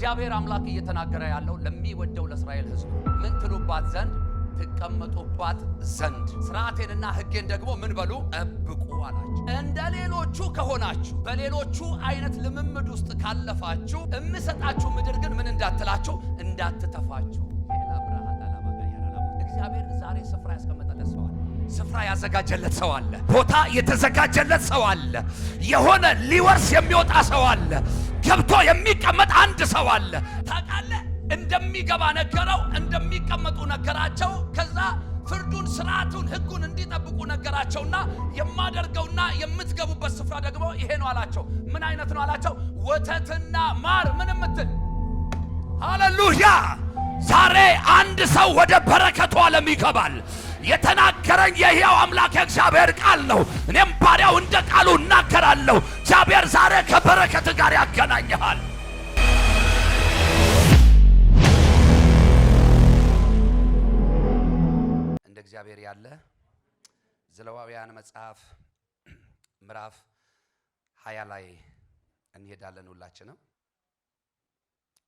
እግዚአብሔር አምላክ እየተናገረ ያለው ለሚወደው ለእስራኤል ሕዝብ ምን ትሉባት ዘንድ ትቀመጡባት ዘንድ ስርዓቴንና ሕጌን ደግሞ ምን በሉ ጠብቁ አላቸው። እንደ ሌሎቹ ከሆናችሁ በሌሎቹ አይነት ልምምድ ውስጥ ካለፋችሁ የምሰጣችሁ ምድር ግን ምን እንዳትላችሁ እንዳትተፋችሁ። እግዚአብሔር ዛሬ ስፍራ ያስቀመጠ ሰዋል። ስፍራ ያዘጋጀለት ሰው አለ። ቦታ የተዘጋጀለት ሰው አለ። የሆነ ሊወርስ የሚወጣ ሰው አለ። ገብቶ የሚቀመጥ አንድ ሰው አለ። ታውቃለህ፣ እንደሚገባ ነገረው፣ እንደሚቀመጡ ነገራቸው። ከዛ ፍርዱን፣ ስርዓቱን፣ ህጉን እንዲጠብቁ ነገራቸውና የማደርገውና የምትገቡበት ስፍራ ደግሞ ይሄ ነው አላቸው። ምን አይነት ነው አላቸው? ወተትና ማር ምን ምትል። ሃሌሉያ! ዛሬ አንድ ሰው ወደ በረከቱ ዓለም ይገባል። የተናገረኝ የሕያው አምላክ የእግዚአብሔር ቃል ነው። እኔም ባሪያው እንደ ቃሉ እናገራለሁ። እግዚአብሔር ዛሬ ከበረከት ጋር ያገናኘሃል። እንደ እግዚአብሔር ያለ ዘሌዋውያን መጽሐፍ ምዕራፍ ሀያ ላይ እንሄዳለን ሁላችንም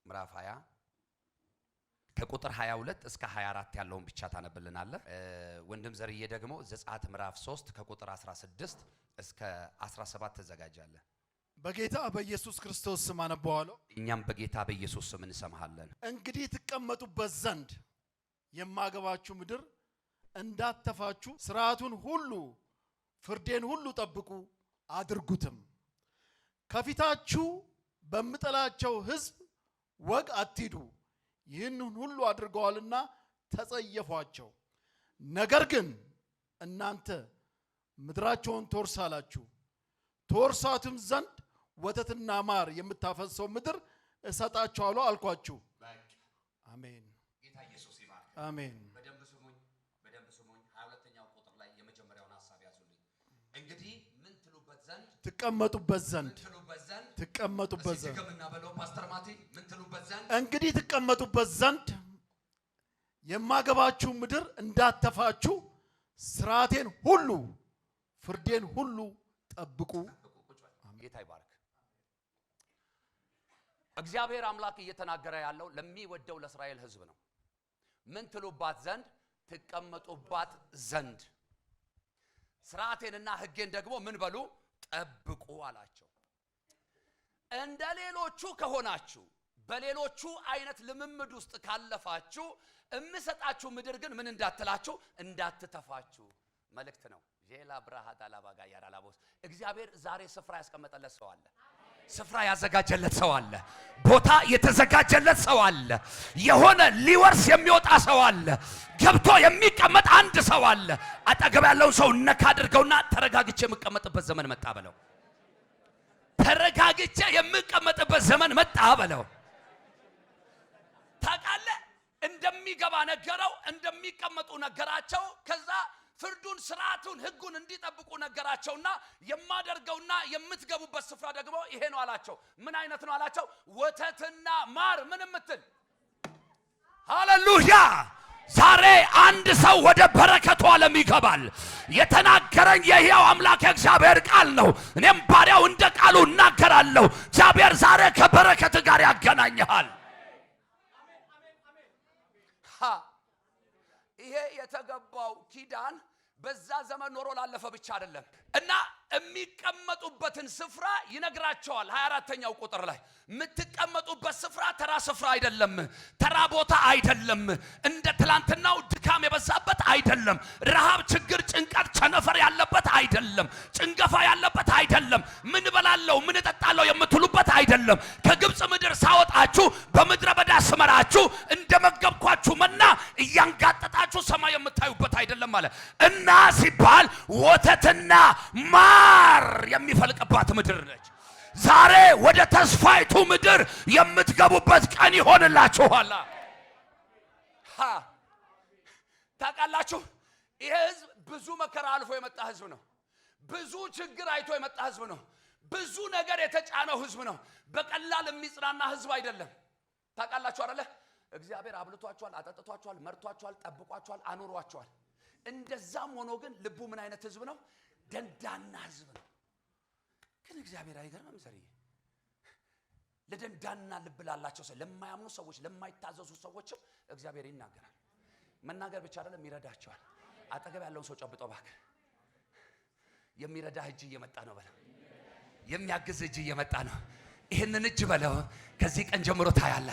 ምዕራፍ ሀያ ከቁጥር 22 እስከ 24 ያለውን ብቻ ታነብልናለህ። ወንድም ዘርዬ ደግሞ ዘጸአት ምዕራፍ 3 ከቁጥር 16 እስከ 17 ተዘጋጃለ። በጌታ በኢየሱስ ክርስቶስ ስም አነባዋለሁ። እኛም በጌታ በኢየሱስ ስም እንሰማሃለን። እንግዲህ ትቀመጡበት ዘንድ የማገባችሁ ምድር እንዳተፋችሁ ስርዓቱን ሁሉ ፍርዴን ሁሉ ጠብቁ አድርጉትም። ከፊታችሁ በምጠላቸው ሕዝብ ወግ አትሂዱ ይህንን ሁሉ አድርገዋልና ተጸየፏቸው። ነገር ግን እናንተ ምድራቸውን ትወርሳላችሁ፣ ትወርሳትም ዘንድ ወተትና ማር የምታፈሰው ምድር እሰጣችኋለሁ አልኳችሁ። አሜን። አሜን። በደንብ ስሙኝ፣ በደንብ ስሙኝ። ሀያ ሁለተኛው ቁጥር ላይ የመጀመሪያውን ሀሳብ ያዙልኝ። እንግዲህ ምን ትሉበት ዘንድ ትቀመጡበት ዘንድ ትቀመጡበት ዘንድ እንግዲህ ትቀመጡበት ዘንድ የማገባችሁ ምድር እንዳተፋችሁ ስርዓቴን ሁሉ ፍርዴን ሁሉ ጠብቁ። ጌታ ይባረክ እግዚአብሔር አምላክ እየተናገረ ያለው ለሚወደው ለእስራኤል ሕዝብ ነው። ምን ትሉባት ዘንድ ትቀመጡባት ዘንድ ስርዓቴንና ሕጌን ደግሞ ምን በሉ ጠብቁ አላቸው። እንደ ሌሎቹ ከሆናችሁ በሌሎቹ አይነት ልምምድ ውስጥ ካለፋችሁ እምሰጣችሁ ምድር ግን ምን እንዳትላችሁ እንዳትተፋችሁ መልእክት ነው። ሌላ ብርሃት አላባጋ ያራላቦስ እግዚአብሔር ዛሬ ስፍራ ያስቀመጠለት ሰው አለ። ስፍራ ያዘጋጀለት ሰው አለ። ቦታ የተዘጋጀለት ሰው አለ። የሆነ ሊወርስ የሚወጣ ሰው አለ። ገብቶ የሚቀመጥ አንድ ሰው አለ። አጠገብ ያለውን ሰው ነካ አድርገውና ተረጋግቼ የምቀመጥበት ዘመን መጣ በለው። ተረጋግቼ የምቀመጥበት ዘመን መጣ በለው። ታውቃለህ፣ እንደሚገባ ነገረው፣ እንደሚቀመጡ ነገራቸው። ከዛ ፍርዱን፣ ስርዓቱን፣ ህጉን እንዲጠብቁ ነገራቸውና የማደርገውና የምትገቡበት ስፍራ ደግሞ ይሄ ነው አላቸው። ምን አይነት ነው አላቸው? ወተትና ማር ምን ምትል ሃሌሉያ ዛሬ አንድ ሰው ወደ በረከቱ ዓለም ይገባል። የተናገረኝ የሕያው አምላክ እግዚአብሔር ቃል ነው። እኔም ባሪያው እንደ ቃሉ እናገራለሁ። እግዚአብሔር ዛሬ ከበረከት ጋር ያገናኝሃል። ይሄ የተገባው ኪዳን በዛ ዘመን ኖሮ ላለፈ ብቻ አይደለም እና የሚቀመጡበትን ስፍራ ይነግራቸዋል። 24ተኛው ቁጥር ላይ የምትቀመጡበት ስፍራ ተራ ስፍራ አይደለም፣ ተራ ቦታ አይደለም፣ እንደ ትላንትናው ድካም የበዛበት አይደለም፣ ረሃብ፣ ችግር፣ ጭንቀት፣ ቸነፈር ያለበት አይደለም፣ ጭንገፋ ያለበት አይደለም፣ ምን በላለው ምን እጠጣለው የምትሉበት አይደለም። ከግብፅ ምድር ሳወጣችሁ በምድረ በዳ ስመራችሁ እንደ መገብኳችሁ መና እያንጋጠጣችሁ ሰማይ የምታዩበት አይደለም አለ እና ሲባል ወተትና ማ ማር የሚፈልቅባት ምድር ነች። ዛሬ ወደ ተስፋይቱ ምድር የምትገቡበት ቀን ይሆንላችኋል። ታውቃላችሁ፣ ይሄ ህዝብ ብዙ መከራ አልፎ የመጣ ህዝብ ነው። ብዙ ችግር አይቶ የመጣ ህዝብ ነው። ብዙ ነገር የተጫነው ህዝብ ነው። በቀላል የሚጽናና ህዝብ አይደለም። ታውቃላችሁ አይደለ? እግዚአብሔር አብልቷቸዋል፣ አጠጥቷቸዋል፣ መርቷቸዋል፣ ጠብቋቸዋል፣ አኑሯቸዋል። እንደዛም ሆኖ ግን ልቡ ምን አይነት ህዝብ ነው? ደንዳና ህዝብ ነው። ግን እግዚአብሔር አይገርምም? ዘርዬ ለደንዳና ልብ ላላቸው ሰው፣ ለማያምኑ ሰዎች፣ ለማይታዘዙ ሰዎችም እግዚአብሔር ይናገራል። መናገር ብቻ አይደለም ይረዳቸዋል። አጠገብ ያለውን ሰው ጨብጦ ባክ የሚረዳ እጅ እየመጣ ነው በለው። የሚያግዝ እጅ እየመጣ ነው። ይህንን እጅ በለው። ከዚህ ቀን ጀምሮ ታያለ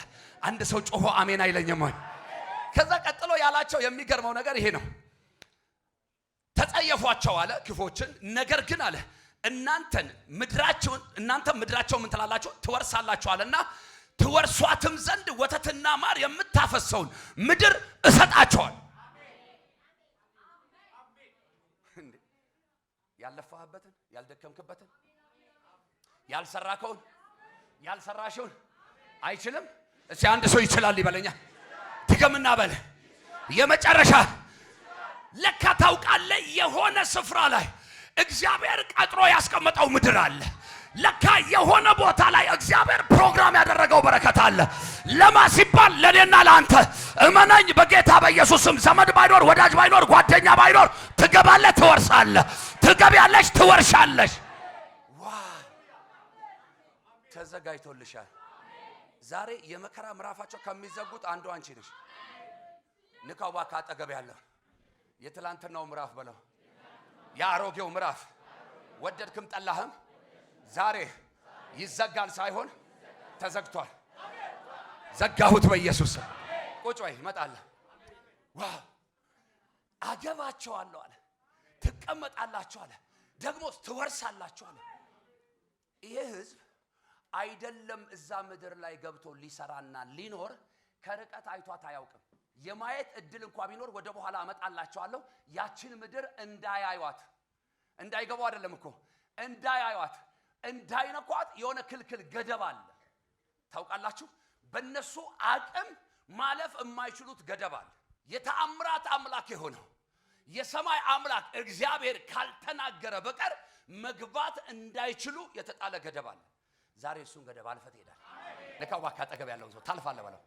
አንድ ሰው ጮሆ አሜን አይለኝም ወይ? ከዛ ቀጥሎ ያላቸው የሚገርመው ነገር ይሄ ነው። ጠየፏቸው አለ ክፎችን። ነገር ግን አለ እናንተን ምድራቸውን እናንተ ምድራቸው ምን ትላላችሁ ትወርሳላችሁ አለና ትወርሷትም ዘንድ ወተትና ማር የምታፈሰውን ምድር እሰጣቸዋል። ያልለፋህበትን፣ ያልደከምክበትን፣ ያልሰራከውን፣ ያልሰራሽውን አይችልም። እስኪ አንድ ሰው ይችላል ይበለኛ። ትገምና በል የመጨረሻ ለካ ታውቃለህ፣ የሆነ ስፍራ ላይ እግዚአብሔር ቀጥሮ ያስቀመጠው ምድር አለ። ለካ የሆነ ቦታ ላይ እግዚአብሔር ፕሮግራም ያደረገው በረከት አለ። ለማ ሲባል ለእኔና ለአንተ እመነኝ በጌታ በኢየሱስም። ዘመድ ባይኖር ወዳጅ ባይኖር ጓደኛ ባይኖር ትገባለህ፣ ትወርሳለህ፣ ትገቢያለሽ፣ ትወርሻለሽ። ዋ ተዘጋጅቶልሻል። ዛሬ የመከራ ምዕራፋቸው ከሚዘጉት አንዱ አንቺ ነሽ። ንካው እባክህ አጠገብ ያለው የትላንትናው ምዕራፍ በለው፣ የአሮጌው ምዕራፍ ወደድክም ጠላህም ዛሬ ይዘጋል ሳይሆን ተዘግቷል። ዘጋሁት በኢየሱስ ቁጭ ወይ እመጣለሁ። ዋው አገባቸዋለሁ አለ። ትቀመጣላችሁ አለ። ደግሞ ትወርሳላችሁ አለ። ይሄ ህዝብ አይደለም እዛ ምድር ላይ ገብቶ ሊሰራና ሊኖር ከርቀት አይቷት አያውቅም። የማየት እድል እንኳ ቢኖር ወደ በኋላ አመጣላቸዋለሁ። ያችን ምድር እንዳያዩት እንዳይገቡ አይደለም እኮ እንዳያዩት እንዳይነኳት የሆነ ክልክል ገደብ አለ። ታውቃላችሁ፣ በእነሱ አቅም ማለፍ የማይችሉት ገደብ አለ። የተአምራት አምላክ የሆነው የሰማይ አምላክ እግዚአብሔር ካልተናገረ በቀር መግባት እንዳይችሉ የተጣለ ገደብ አለ። ዛሬ እሱን ገደብ አልፈት ይሄዳል። ልካዋካ አጠገብ ያለውን ሰው ታልፋለህ በለው።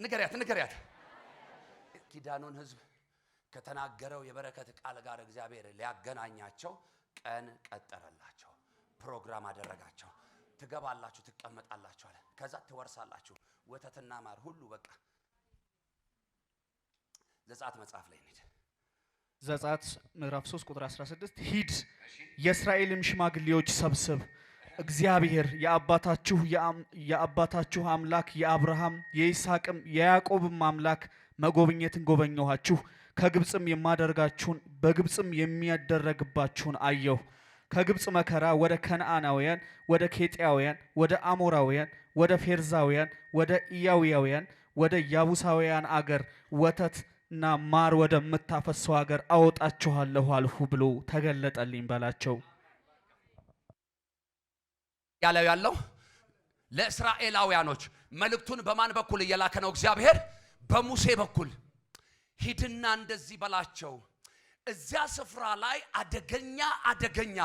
ንገሪያት ንገሪያት። ኪዳኑን ህዝብ ከተናገረው የበረከት ቃል ጋር እግዚአብሔር ሊያገናኛቸው ቀን ቀጠረላቸው፣ ፕሮግራም አደረጋቸው። ትገባላችሁ፣ ትቀመጣላችሁ አለ። ከዛ ትወርሳላችሁ ወተትና ማር ሁሉ በቃ። ዘጸአት መጽሐፍ ላይ እንሂድ። ዘጸአት ምዕራፍ 3 ቁጥር 16 ሂድ የእስራኤልም ሽማግሌዎች ሰብስብ እግዚአብሔር የአባታችሁ የአባታችሁ አምላክ የአብርሃም የይስሐቅም የያዕቆብም አምላክ መጎብኘትን ጎበኘኋችሁ። ከግብፅም የማደርጋችሁን በግብፅም የሚያደረግባችሁን አየሁ። ከግብፅ መከራ ወደ ከነአናውያን፣ ወደ ኬጢያውያን፣ ወደ አሞራውያን፣ ወደ ፌርዛውያን፣ ወደ ኢያውያውያን፣ ወደ ያቡሳውያን አገር ወተትና ማር ወደምታፈሰው አገር አወጣችኋለሁ አልሁ ብሎ ተገለጠልኝ በላቸው። ያለው ያለው ለእስራኤላውያኖች መልእክቱን በማን በኩል እየላከ ነው? እግዚአብሔር በሙሴ በኩል ሂድና እንደዚህ በላቸው። እዚያ ስፍራ ላይ አደገኛ አደገኛ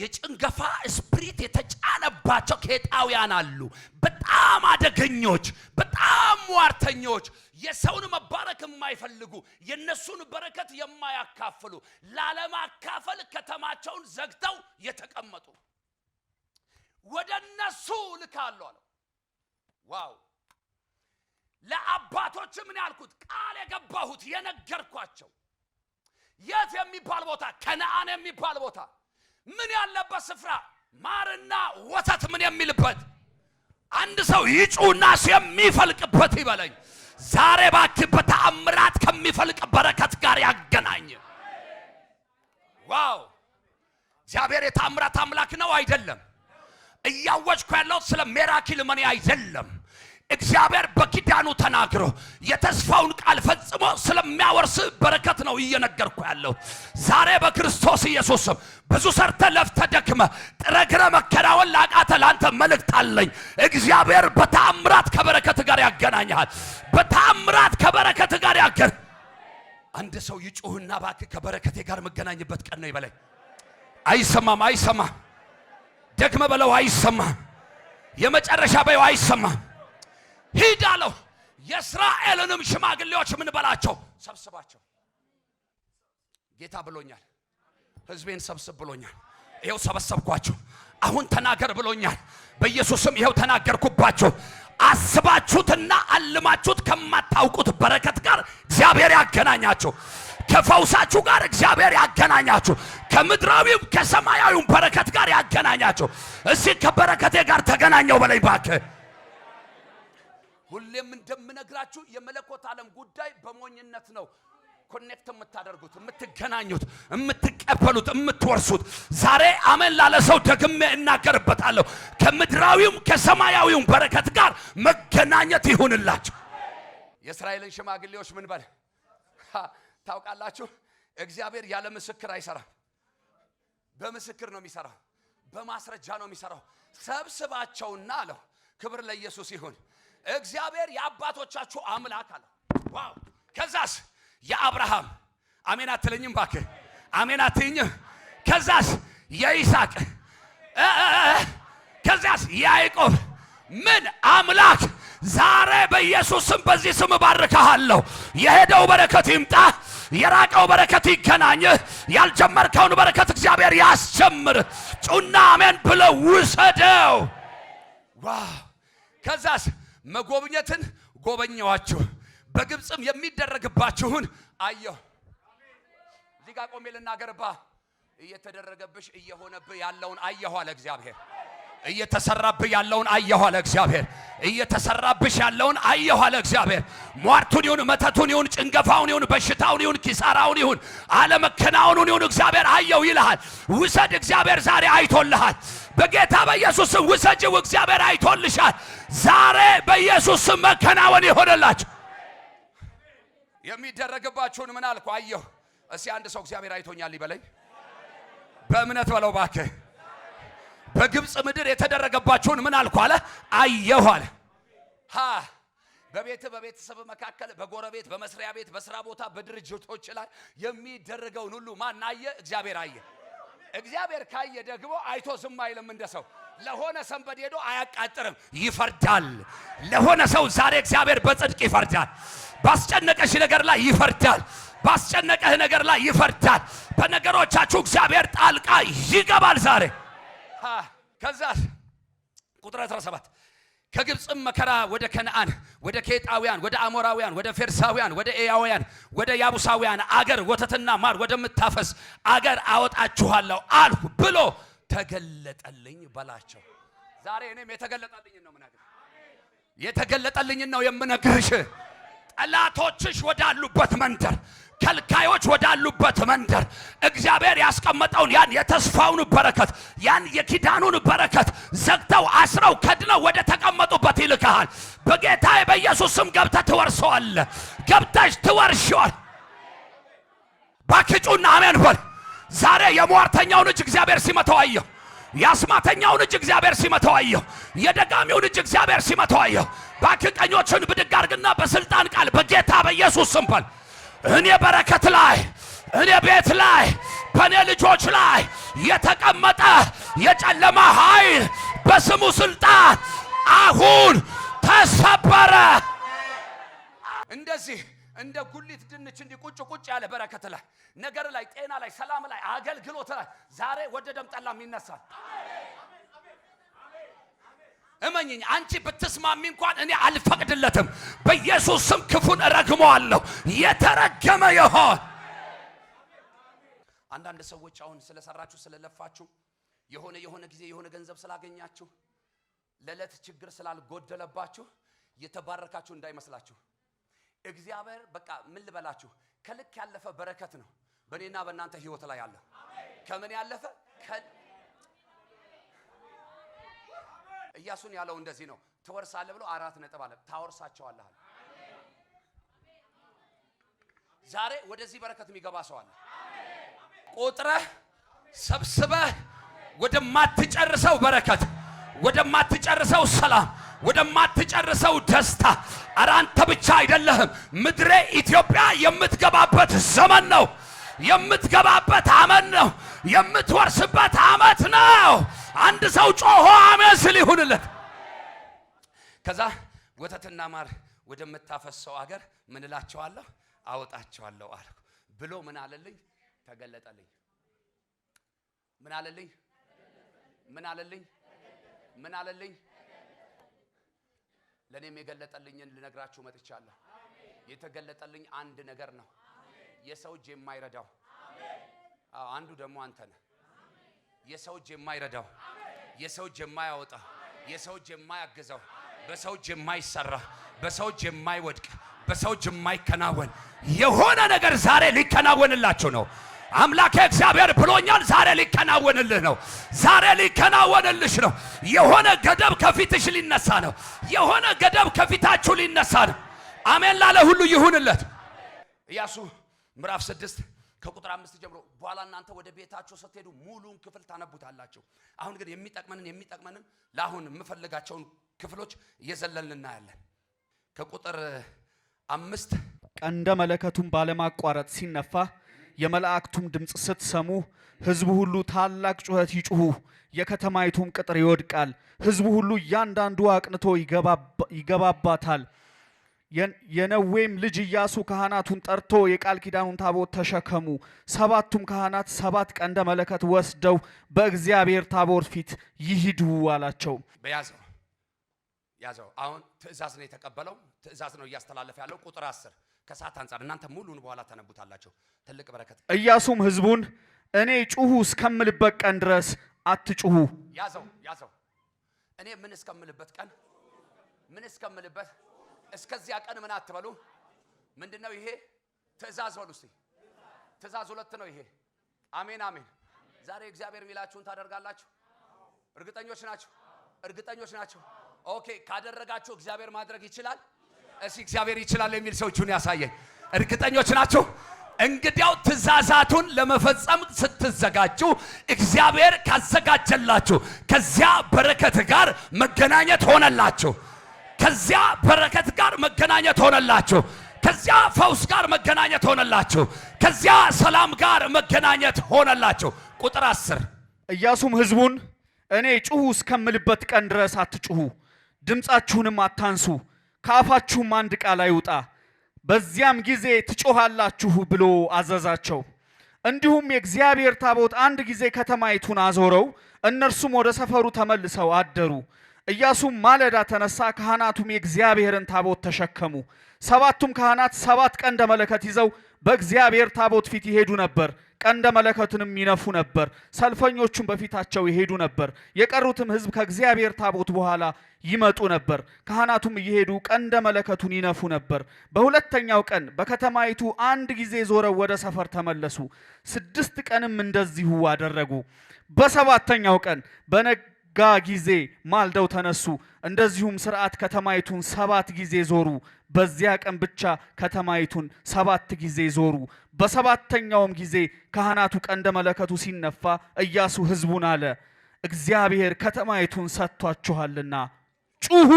የጭንገፋ ስፕሪት የተጫነባቸው ኬጣውያን አሉ። በጣም አደገኞች፣ በጣም ሟርተኞች፣ የሰውን መባረክ የማይፈልጉ የነሱን በረከት የማያካፍሉ ላለማካፈል ከተማቸውን ዘግተው የተቀመጡ ወደ እነሱ ልካለሁ አለው። ዋው ለአባቶች ምን ያልኩት ቃል የገባሁት የነገርኳቸው የት የሚባል ቦታ ከነአን የሚባል ቦታ ምን ያለበት ስፍራ ማርና ወተት ምን የሚልበት አንድ ሰው ይጩና የሚፈልቅበት ይበለኝ። ዛሬ እባክህ በተአምራት ከሚፈልቅ በረከት ጋር ያገናኝ። ዋው! እግዚአብሔር የተአምራት አምላክ ነው አይደለም? እያወጅኩ ያለው ስለ ሜራኪል መኒ አይደለም። እግዚአብሔር በኪዳኑ ተናግሮ የተስፋውን ቃል ፈጽሞ ስለሚያወርስ በረከት ነው እየነገርኩ ያለው። ዛሬ በክርስቶስ ኢየሱስም ብዙ ሰርተ ለፍተ ደክመ ጥረግረ መከናወን ላቃተ ላንተ መልእክት አለኝ። እግዚአብሔር በታምራት ከበረከት ጋር ያገናኛል። በታምራት ከበረከት ጋር ያገናኝ። አንድ ሰው ይጩህና ባክ ከበረከቴ ጋር መገናኝበት ቀን ነው ይበለኝ። አይሰማም፣ አይሰማም ደክመ በለው አይሰማም። የመጨረሻ በይው አይሰማም። ሂድ አለው። የእስራኤልንም ሽማግሌዎች ምን በላቸው? ሰብስባቸው። ጌታ ብሎኛል፣ ህዝቤን ሰብስብ ብሎኛል። ይኸው ሰበሰብኳችሁ። አሁን ተናገር ብሎኛል። በኢየሱስም ይኸው ተናገርኩባቸው። አስባችሁትና አልማችሁት ከማታውቁት በረከት ጋር እግዚአብሔር ያገናኛቸው። ከፈውሳችሁ ጋር እግዚአብሔር ያገናኛችሁ፣ ከምድራዊም ከሰማያዊው በረከት ጋር ያገናኛችሁ። እስቲ ከበረከቴ ጋር ተገናኘው በላይ እባክህ። ሁሌም እንደምነግራችሁ የመለኮት ዓለም ጉዳይ በሞኝነት ነው ኮኔክት የምታደርጉት የምትገናኙት፣ የምትቀበሉት፣ የምትወርሱት። ዛሬ አመን ላለ ሰው ደግሜ እናገርበታለሁ። ከምድራዊውም ከሰማያዊውም በረከት ጋር መገናኘት ይሁንላችሁ። የእስራኤልን ሽማግሌዎች ምን በል ታውቃላችሁ፣ እግዚአብሔር ያለ ምስክር አይሰራ። በምስክር ነው የሚሰራው፣ በማስረጃ ነው የሚሰራው። ሰብስባቸውና አለው ክብር ለኢየሱስ ይሁን። እግዚአብሔር የአባቶቻችሁ አምላክ አለ። ዋው! ከዛስ የአብርሃም አሜን አትለኝም? ባክ አሜን አትይኝም? ከዛስ የይስሐቅ ከዚያስ ያዕቆብ ምን አምላክ ዛሬ በኢየሱስ ስም በዚህ ስም እባርካሃለሁ። የሄደው በረከት ይምጣ። የራቀው በረከት ይገናኝ ያልጀመርከውን በረከት እግዚአብሔር ያስጀምር። ጩና አሜን ብለው ውሰደው። ከዛስ መጎብኘትን ጎበኘዋችሁ። በግብፅም የሚደረግባችሁን አየሁ። እዚህ ጋ ቆሜ ልናገርባ እየተደረገብሽ እየሆነብህ ያለውን አየሁ አለ እግዚአብሔር። እየተሰራብህ ያለውን አየሁ አለ እግዚአብሔር። እየተሰራብሽ ያለውን አየሁ አለ እግዚአብሔር። ሟርቱን ይሁን መተቱን ይሁን ጭንገፋውን ይሁን በሽታውን ይሁን ኪሳራውን ይሁን አለመከናወኑን ይሁን እግዚአብሔር አየሁ ይልሃል። ውሰድ፣ እግዚአብሔር ዛሬ አይቶልሃል። በጌታ በኢየሱስም ውሰጅው፣ እግዚአብሔር አይቶልሻል። ዛሬ በኢየሱስም መከናወን ይሆነላችሁ። የሚደረግባችሁን ምን አልኩ? አየሁ። እስኪ አንድ ሰው እግዚአብሔር አይቶኛል ይበለኝ። በእምነት በለው እባክህ በግብፅ ምድር የተደረገባቸውን ምን አልኩ አለ አየሁ አለ። በቤት በቤተሰብ መካከል በጎረቤት በመስሪያ ቤት በስራ ቦታ በድርጅቶች ላይ የሚደረገውን ሁሉ ማን አየ? እግዚአብሔር አየ። እግዚአብሔር ካየ ደግሞ አይቶ ዝም አይልም። እንደ ሰው ለሆነ ሰንበድ ሄዶ አያቃጥርም፣ ይፈርዳል። ለሆነ ሰው ዛሬ እግዚአብሔር በጽድቅ ይፈርዳል። ባስጨነቀሽ ነገር ላይ ይፈርዳል። ባስጨነቀህ ነገር ላይ ይፈርዳል። በነገሮቻችሁ እግዚአብሔር ጣልቃ ይገባል ዛሬ ከዛ ቁጥር 17 ከግብፅም መከራ ወደ ከነአን ወደ ኬጣውያን ወደ አሞራውያን ወደ ፌርሳውያን ወደ ኤያውያን ወደ ያቡሳውያን አገር ወተትና ማር ወደምታፈስ አገር አወጣችኋለሁ አልሁ ብሎ ተገለጠልኝ በላቸው። ዛሬ እኔም የተገለጠልኝ ነው ምናገር የተገለጠልኝ ነው የምነግርሽ ጠላቶችሽ ወዳሉበት መንደር ከልካዮች ወዳሉበት መንደር እግዚአብሔር ያስቀመጠውን ያን የተስፋውን በረከት ያን የኪዳኑን በረከት ዘግተው አስረው ከድነው ወደ ተቀመጡበት ይልካሃል። በጌታ በኢየሱስ ስም ገብተህ ትወርሰዋለህ። ገብተሽ ትወርሽዋል። ባክጩና አሜን በል። ዛሬ የሟርተኛውን እጅ እግዚአብሔር ሲመታው አየሁ። የአስማተኛውን እጅ እግዚአብሔር ሲመታው አየሁ። የደጋሚውን እጅ እግዚአብሔር ሲመታው አየሁ። ባክቀኞችን ቀኞችን ብድግ አድርግና በስልጣን ቃል በጌታ በኢየሱስ ስም በል እኔ በረከት ላይ እኔ ቤት ላይ በእኔ ልጆች ላይ የተቀመጠ የጨለማ ኃይል በስሙ ስልጣን አሁን ተሰበረ። እንደዚህ እንደ ጉሊት ድንች እንዲህ ቁጭ ቁጭ ያለ በረከት ላይ ነገር ላይ ጤና ላይ ሰላም ላይ አገልግሎት ላይ ዛሬ ወደ ደም ጠላም ይነሳል። እመኝኝ አንቺ ብትስማሚ እንኳን እኔ አልፈቅድለትም። በኢየሱስ ስም ክፉን እረግመዋለሁ። የተረገመ ይሆን። አንዳንድ ሰዎች አሁን ስለሰራችሁ ስለለፋችሁ የሆነ የሆነ ጊዜ የሆነ ገንዘብ ስላገኛችሁ ለዕለት ችግር ስላልጎደለባችሁ የተባረካችሁ እንዳይመስላችሁ። እግዚአብሔር በቃ ምን ልበላችሁ ከልክ ያለፈ በረከት ነው በእኔና በእናንተ ህይወት ላይ ያለ ከምን ያለፈ እያሱን ያለው እንደዚህ ነው። ትወርሳለህ ብሎ አራት ነጥብ አለ። ታወርሳቸዋለህ። ዛሬ ወደዚህ በረከት የሚገባ ሰው አለ። ቆጥረህ ሰብስበህ ወደማትጨርሰው በረከት፣ ወደማትጨርሰው ሰላም፣ ወደማትጨርሰው ደስታ። አራንተ አንተ ብቻ አይደለህም። ምድሬ ኢትዮጵያ የምትገባበት ዘመን ነው። የምትገባበት አመት ነው። የምትወርስበት አመት ነው። አንድ ሰው ጮሆ አመስል ይሁንለት። ከዛ ወተትና ማር ወደምታፈሰው አገር ምን እላቸዋለሁ አወጣቸዋለሁ አለ ብሎ ምን አለልኝ? ተገለጠልኝ። ምን አለልኝ? ምን አለልኝ? ምን አለልኝ? ለእኔም የገለጠልኝን ልነግራችሁ መጥቻለሁ። የተገለጠልኝ አንድ ነገር ነው፣ የሰው እጅ የማይረዳው። አንዱ ደግሞ አንተ ነህ። የሰው እጅ የማይረዳው የሰው እጅ የማያወጣ የሰው እጅ የማያግዘው በሰው እጅ የማይሰራ በሰው እጅ የማይወድቅ በሰው እጅ የማይከናወን የሆነ ነገር ዛሬ ሊከናወንላችሁ ነው። አምላኬ እግዚአብሔር ብሎኛል። ዛሬ ሊከናወንልህ ነው። ዛሬ ሊከናወንልሽ ነው። የሆነ ገደብ ከፊትሽ ሊነሳ ነው። የሆነ ገደብ ከፊታችሁ ሊነሳ ነው። አሜን ላለ ሁሉ ይሁንለት። ኢያሱ ምዕራፍ ስድስት ከቁጥር አምስት ጀምሮ በኋላ እናንተ ወደ ቤታቸው ስትሄዱ ሙሉን ክፍል ታነቡታላችሁ። አሁን ግን የሚጠቅመንን የሚጠቅመንን ለአሁን የምፈልጋቸውን ክፍሎች እየዘለልን እናያለን። ከቁጥር አምስት ቀንደ መለከቱን ባለማቋረጥ ሲነፋ የመላእክቱም ድምፅ ስትሰሙ ሕዝቡ ሁሉ ታላቅ ጩኸት ይጩሁ፣ የከተማይቱም ቅጥር ይወድቃል። ሕዝቡ ሁሉ እያንዳንዱ አቅንቶ ይገባባታል። የነዌም ልጅ ኢያሱ ካህናቱን ጠርቶ የቃል ኪዳኑን ታቦት ተሸከሙ። ሰባቱም ካህናት ሰባት ቀንደ መለከት ወስደው በእግዚአብሔር ታቦት ፊት ይሂዱ አላቸው። በያዘው ያዘው። አሁን ትእዛዝ ነው የተቀበለው፣ ትእዛዝ ነው እያስተላለፈ ያለው። ቁጥር አስር ከሰዓት አንጻር እናንተ ሙሉን በኋላ ተነቡታላቸው። ትልቅ በረከት። ኢያሱም ህዝቡን እኔ ጩሁ እስከምልበት ቀን ድረስ አትጩሁ። ያዘው ያዘው። እኔ ምን እስከምልበት ቀን ምን እስከምልበት እስከዚያ ቀን ምን አትበሉ። ምንድነው ይሄ? ትእዛዝ በሉ እስቲ። ትእዛዝ ሁለት ነው ይሄ። አሜን አሜን። ዛሬ እግዚአብሔር የሚላችሁን ታደርጋላችሁ። እርግጠኞች ናችሁ? እርግጠኞች ናችሁ? ኦኬ። ካደረጋችሁ እግዚአብሔር ማድረግ ይችላል። እሺ፣ እግዚአብሔር ይችላል የሚል ሰው እጁን ያሳየኝ። እርግጠኞች ናችሁ? እንግዲያው ትእዛዛቱን ለመፈጸም ስትዘጋጁ እግዚአብሔር ካዘጋጀላችሁ ከዚያ በረከት ጋር መገናኘት ሆነላችሁ። ከዚያ በረከት ጋር መገናኘት ሆነላችሁ። ከዚያ ፈውስ ጋር መገናኘት ሆነላችሁ። ከዚያ ሰላም ጋር መገናኘት ሆነላችሁ። ቁጥር አስር ኢያሱም ህዝቡን እኔ ጩሁ እስከምልበት ቀን ድረስ አትጩሁ፣ ድምፃችሁንም አታንሱ፣ ከአፋችሁም አንድ ቃል አይውጣ፣ በዚያም ጊዜ ትጮሃላችሁ ብሎ አዘዛቸው። እንዲሁም የእግዚአብሔር ታቦት አንድ ጊዜ ከተማይቱን አዞረው፣ እነርሱም ወደ ሰፈሩ ተመልሰው አደሩ። ኢያሱም ማለዳ ተነሳ፣ ካህናቱም የእግዚአብሔርን ታቦት ተሸከሙ። ሰባቱም ካህናት ሰባት ቀንደ መለከት ይዘው በእግዚአብሔር ታቦት ፊት ይሄዱ ነበር። ቀንደ መለከትንም ይነፉ ነበር። ሰልፈኞቹም በፊታቸው ይሄዱ ነበር። የቀሩትም ሕዝብ ከእግዚአብሔር ታቦት በኋላ ይመጡ ነበር። ካህናቱም እየሄዱ ቀንደ መለከቱን ይነፉ ነበር። በሁለተኛው ቀን በከተማይቱ አንድ ጊዜ ዞረው ወደ ሰፈር ተመለሱ። ስድስት ቀንም እንደዚሁ አደረጉ። በሰባተኛው ቀን ጋ ጊዜ ማልደው ተነሱ። እንደዚሁም ስርዓት ከተማይቱን ሰባት ጊዜ ዞሩ። በዚያ ቀን ብቻ ከተማይቱን ሰባት ጊዜ ዞሩ። በሰባተኛውም ጊዜ ካህናቱ ቀንደ መለከቱ ሲነፋ ኢያሱ ህዝቡን አለ፣ እግዚአብሔር ከተማይቱን ሰጥቷችኋልና ጩሁ።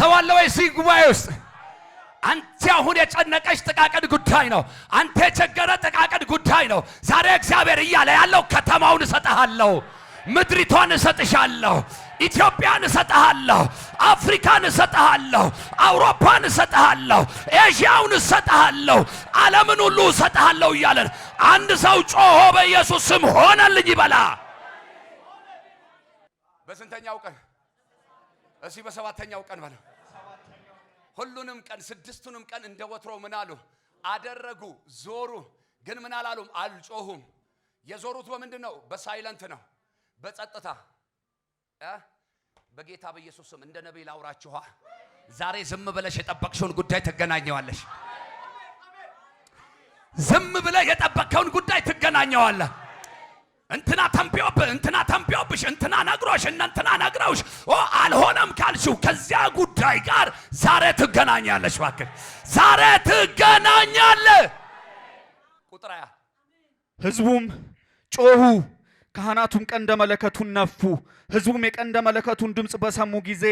ሰው አለ ወይ እዚህ ጉባኤ ውስጥ? አንቺ አሁን የጨነቀሽ ጥቃቅን ጉዳይ ነው። አንተ የቸገረ ላይ ነው ዛሬ እግዚአብሔር እያለ ያለው። ከተማውን እሰጥሃለሁ፣ ምድሪቷን እሰጥሻለሁ፣ ኢትዮጵያን እሰጥሃለሁ፣ አፍሪካን እሰጥሃለሁ፣ አውሮፓን እሰጥሃለሁ፣ ኤዥያውን እሰጥሃለሁ፣ ዓለምን ሁሉ እሰጥሃለሁ እያለ አንድ ሰው ጮሆ በኢየሱስ ስም ሆነልኝ ይበላ። በስንተኛው ቀን እሺ፣ በሰባተኛው ቀን በለው። ሁሉንም ቀን ስድስቱንም ቀን እንደ ወትሮ ምን አሉ አደረጉ ዞሩ ግን ምን አላሉም፣ አልጮሁም። የዞሩት በምንድን ነው? በሳይለንት ነው፣ በጸጥታ በጌታ በኢየሱስ ስም እንደ ነቢይ ላውራችኋ። ዛሬ ዝም ብለሽ የጠበቅሽውን ጉዳይ ትገናኘዋለሽ። ዝም ብለህ የጠበቅከውን ጉዳይ ትገናኘዋለህ። እንትና ተንብዮብህ፣ እንትና ተንብዮብሽ፣ እንትና ነግሮሽ፣ እነ እንትና ነግረውሽ አልሆነም ካልሽው ከዚያ ጉዳይ ጋር ዛሬ ትገናኛለሽ። እባክህ ዛሬ ትገናኛለህ። ቁጥር ሃያ ህዝቡም ጮሁ፣ ካህናቱም ቀንደ መለከቱን ነፉ። ህዝቡም የቀንደ መለከቱን ድምፅ በሰሙ ጊዜ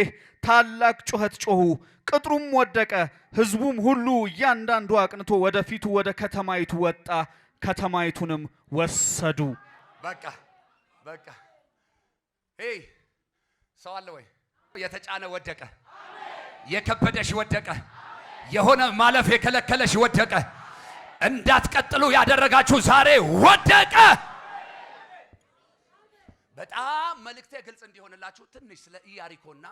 ታላቅ ጩኸት ጮሁ፣ ቅጥሩም ወደቀ። ህዝቡም ሁሉ እያንዳንዱ አቅንቶ ወደፊቱ ወደ ከተማይቱ ወጣ፣ ከተማይቱንም ወሰዱ። በቃ በቃ ይ ሰው አለ ወይ? የተጫነ ወደቀ፣ የከበደሽ ወደቀ፣ የሆነ ማለፍ የከለከለሽ ወደቀ። እንዳትቀጥሉ ያደረጋችሁ ዛሬ ወደቀ። በጣም መልእክቴ ግልጽ እንዲሆንላችሁ ትንሽ ስለ ኢያሪኮና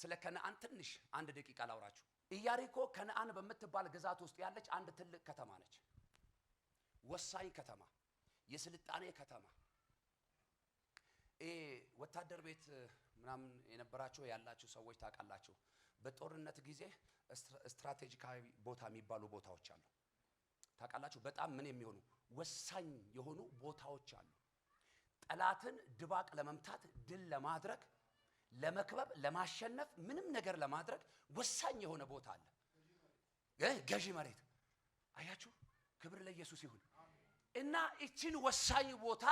ስለ ከነአን ትንሽ አንድ ደቂቃ ላውራችሁ። ኢያሪኮ ከነአን በምትባል ግዛት ውስጥ ያለች አንድ ትልቅ ከተማ ነች። ወሳኝ ከተማ፣ የስልጣኔ ከተማ። ይሄ ወታደር ቤት ምናምን የነበራችሁ ያላችሁ ሰዎች ታውቃላችሁ። በጦርነት ጊዜ ስትራቴጂካዊ ቦታ የሚባሉ ቦታዎች አሉ። ታውቃላችሁ፣ በጣም ምን የሚሆኑ ወሳኝ የሆኑ ቦታዎች አሉ። ጠላትን ድባቅ ለመምታት ድል ለማድረግ ለመክበብ ለማሸነፍ ምንም ነገር ለማድረግ ወሳኝ የሆነ ቦታ አለ። ገዢ መሬት አያችሁ። ክብር ለኢየሱስ ይሁን እና ይችን ወሳኝ ቦታ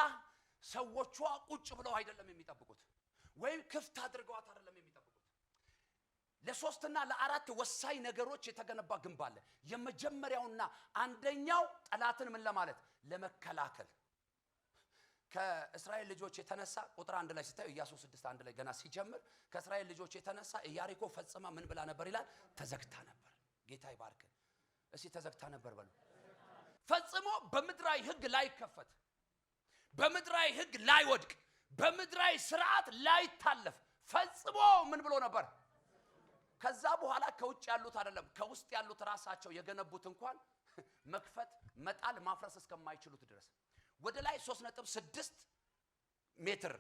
ሰዎቿ ቁጭ ብለው አይደለም የሚጠብቁት፣ ወይም ክፍት አድርገዋት ለሶስትና ለአራት ወሳኝ ነገሮች የተገነባ ግንብ አለ። የመጀመሪያውና አንደኛው ጠላትን ምን ለማለት ለመከላከል ከእስራኤል ልጆች የተነሳ ቁጥር አንድ ላይ ስታዩ ኢያሱ ስድስት አንድ ላይ ገና ሲጀምር ከእስራኤል ልጆች የተነሳ ኢያሪኮ ፈጽማ ምን ብላ ነበር ይላል? ተዘግታ ነበር። ጌታ ይባርክ። እስቲ ተዘግታ ነበር በሉ። ፈጽሞ በምድራዊ ሕግ ላይከፈት፣ በምድራዊ ሕግ ላይወድቅ፣ በምድራዊ ስርዓት ላይታለፍ ፈጽሞ ምን ብሎ ነበር ከዛ በኋላ ከውጭ ያሉት አይደለም ከውስጥ ያሉት ራሳቸው የገነቡት እንኳን መክፈት፣ መጣል፣ ማፍረስ እስከማይችሉት ድረስ ወደ ላይ 3.6 ሜትር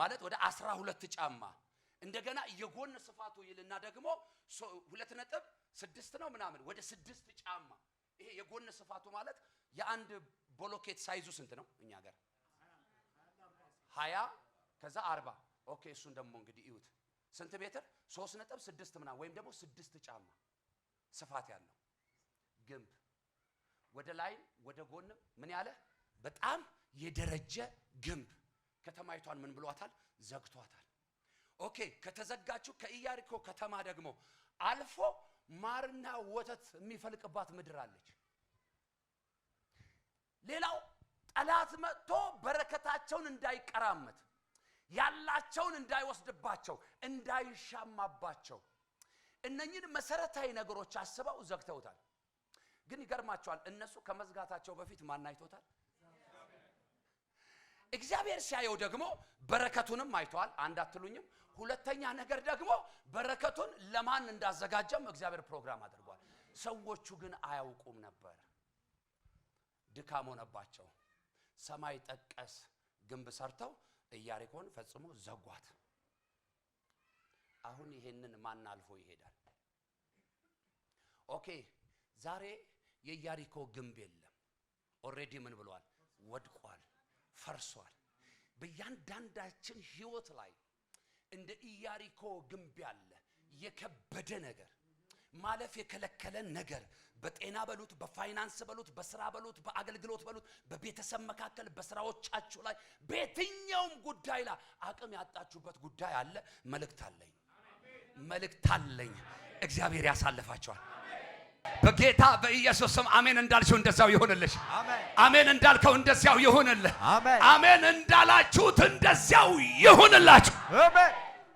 ማለት ወደ 12 ጫማ እንደገና የጎን ስፋቱ ይልና ደግሞ 2.6 ነው ምናምን ወደ 6 ጫማ ይሄ የጎን ስፋቱ ማለት የአንድ ቦሎኬት ሳይዙ ስንት ነው? እኛ ጋር 20 ከዛ 40 ኦኬ። እሱን ደግሞ እንግዲህ እዩት ስንት ሜትር ሶስት ነጥብ ስድስት ምና ወይም ደግሞ ስድስት ጫማ ስፋት ያለው ግንብ ወደ ላይም ወደ ጎንም ምን ያለ በጣም የደረጀ ግንብ ከተማይቷን ምን ብሏታል? ዘግቷታል። ኦኬ ከተዘጋችው ከኢያሪኮ ከተማ ደግሞ አልፎ ማርና ወተት የሚፈልቅባት ምድር አለች። ሌላው ጠላት መጥቶ በረከታቸውን እንዳይቀራመት ያላቸውን እንዳይወስድባቸው፣ እንዳይሻማባቸው እነኝን መሰረታዊ ነገሮች አስበው ዘግተውታል። ግን ይገርማቸዋል። እነሱ ከመዝጋታቸው በፊት ማን አይቶታል? እግዚአብሔር ሲያየው ደግሞ በረከቱንም አይተዋል። አንድ አትሉኝም? ሁለተኛ ነገር ደግሞ በረከቱን ለማን እንዳዘጋጀም እግዚአብሔር ፕሮግራም አድርጓል። ሰዎቹ ግን አያውቁም ነበር። ድካም ሆነባቸው። ሰማይ ጠቀስ ግንብ ሰርተው ኢያሪኮን ፈጽሞ ዘጓት። አሁን ይሄንን ማን አልፎ ይሄዳል? ኦኬ ዛሬ የኢያሪኮ ግንብ የለም። ኦሬዲ ምን ብሏል? ወድቋል፣ ፈርሷል። በእያንዳንዳችን ህይወት ላይ እንደ ኢያሪኮ ግንብ ያለ የከበደ ነገር ማለፍ የከለከለን ነገር በጤና በሉት፣ በፋይናንስ በሉት፣ በስራ በሉት፣ በአገልግሎት በሉት፣ በቤተሰብ መካከል፣ በስራዎቻችሁ ላይ በየትኛውም ጉዳይ ላይ አቅም ያጣችሁበት ጉዳይ አለ። መልእክት አለኝ፣ መልእክት አለኝ። እግዚአብሔር ያሳልፋቸዋል። በጌታ በኢየሱስ ስም አሜን። እንዳልሽው እንደዚያው ይሆንልሽ። አሜን እንዳልከው እንደዚያው ይሆንልህ። አሜን እንዳላችሁት እንደዚያው ይሆንላችሁ።